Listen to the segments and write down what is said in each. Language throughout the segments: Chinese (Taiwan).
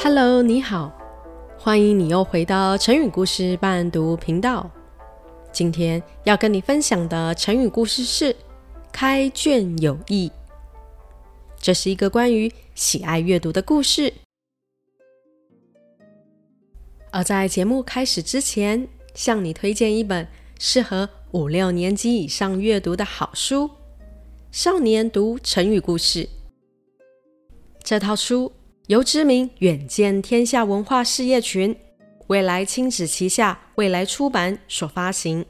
Hello，你好，歡迎你又回到成語故事伴讀頻道。今天要跟你分享的成語故事是“開卷有益”，這是一個關於喜愛閱讀的故事。而在節目開始之前，向你推薦一本適合五六年級以上閱讀的好書——《少年讀成語故事》這套書。由知名遠見天下文化事業群未來親子旗下未來出版所發行。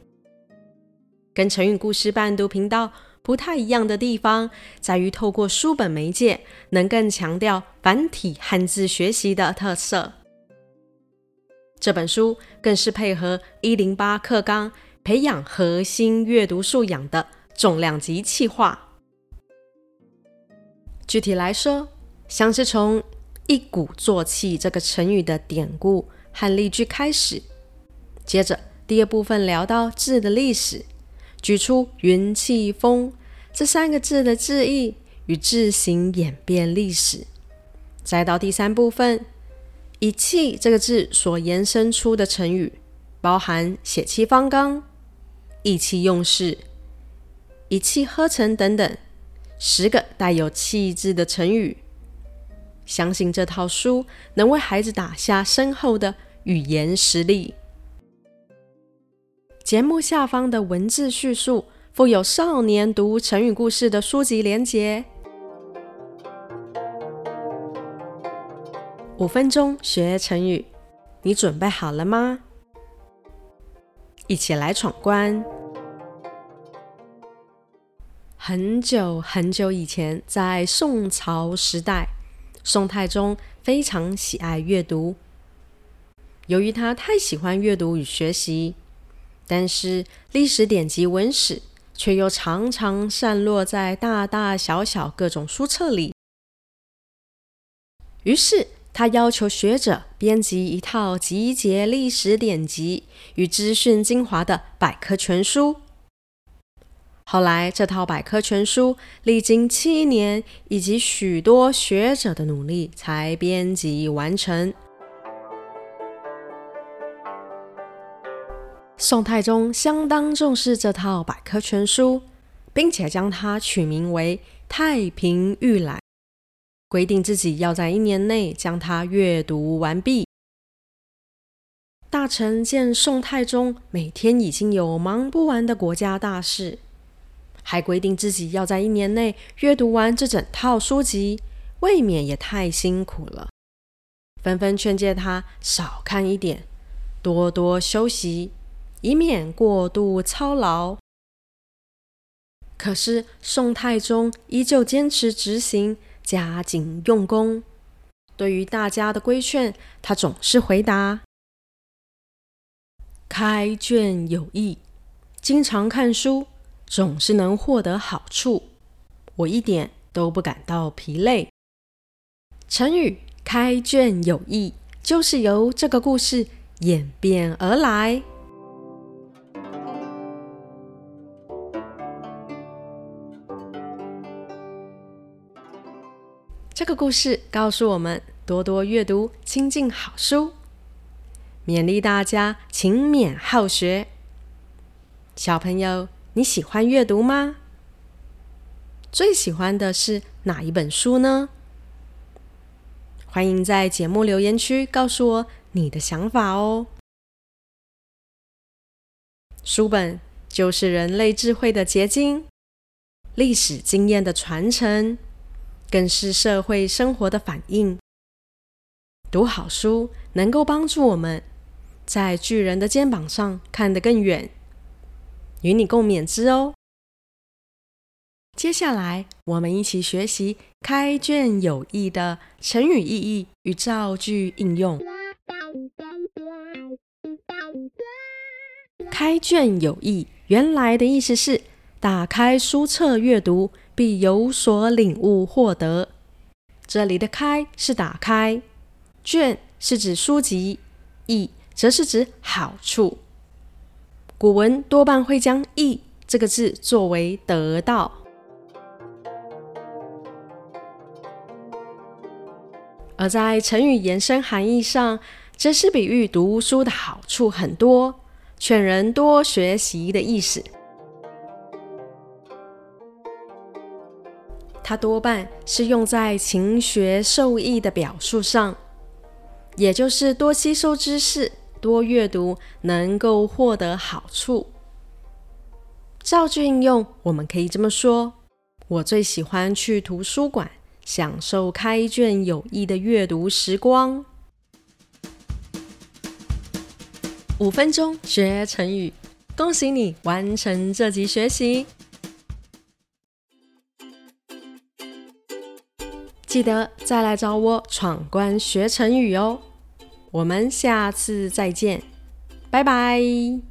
跟成語故事伴讀頻道不太一樣的地方，在於透過書本媒介，能更強調繁體漢字學習的特色。這本書更是配合一零八課綱，培養核心閱讀素養的重量級企劃。具體來說，像是從一鼓作氣這個成語的典故和例句開始，接着第二部分聊到字的歷史，舉出“雲氣風”這三個字的字義與字形演變歷史，再到第三部分，以“氣”這個字所延伸出的成語，包含“血氣方剛”“意氣用事”“一氣呵成”等等十個帶有“氣”字的成語。相信這套書能為孩子打下深厚的語言實力。節目下方的文字敘述附有《少年讀成語故事》的書籍連結。五分鐘學成語，你準備好了嗎？一起來闖關！很久很久以前，在宋朝時代。宋太宗非常喜愛閱讀，由於他太喜歡閱讀與學習，但是歷史典籍文史卻又常常散落在大大小小各種書冊裡，於是他要求學者編輯一套集結歷史典籍與資訊精華的百科全書。後來，這套百科全書歷經七年以及許多學者的努力，才編輯完成。宋太宗相當重視這套百科全書，並且將它取名為《太平御覽》，規定自己要在一年內將它閱讀完畢。大臣見宋太宗每天已經有忙不完的國家大事。還規定自己要在一年內閱讀完這整套書籍，未免也太辛苦了。紛紛勸誡他少看一點，多多休息，以免過度操勞。可是宋太宗依舊堅持執行，加緊用功。對於大家的規勸，他總是回答：“開卷有益，經常看書。”總是能獲得好處，我一點都不感到疲累。成語“開卷有益”就是由這個故事演變而來。這個故事告訴我們：多多閱讀，親近好書，勉勵大家勤勉好學。小朋友。你喜歡閱讀嗎？最喜歡的是哪一本書呢？歡迎在節目留言區告訴我你的想法哦。書本就是人類智慧的結晶，歷史經驗的傳承，更是社會生活的反映。讀好書能夠幫助我們，在巨人的肩膀上看得更遠。與你共勉之哦。接下來，我們一起學習“開卷有益”的成語意義與造句應用。“開卷有益”原來的意思是打開書冊閱讀，必有所領悟獲得。這裡的“開”是打開，“卷”是指書籍，“益”則是指好處。古文多半會將「益」這個字作為得到；而在成語延伸含義上，則是比喻讀書的好處很多，勸人多學習的意思。它多半是用在勤學受益的表述上，也就是多吸收知識。多閱讀能夠獲得好處。造句應用，我們可以這麼說：我最喜歡去圖書館，享受開卷有益的閱讀時光。五分鐘學成語，恭喜你完成這集學習！記得再來找我闖關學成語哦。我們下次再見，拜拜。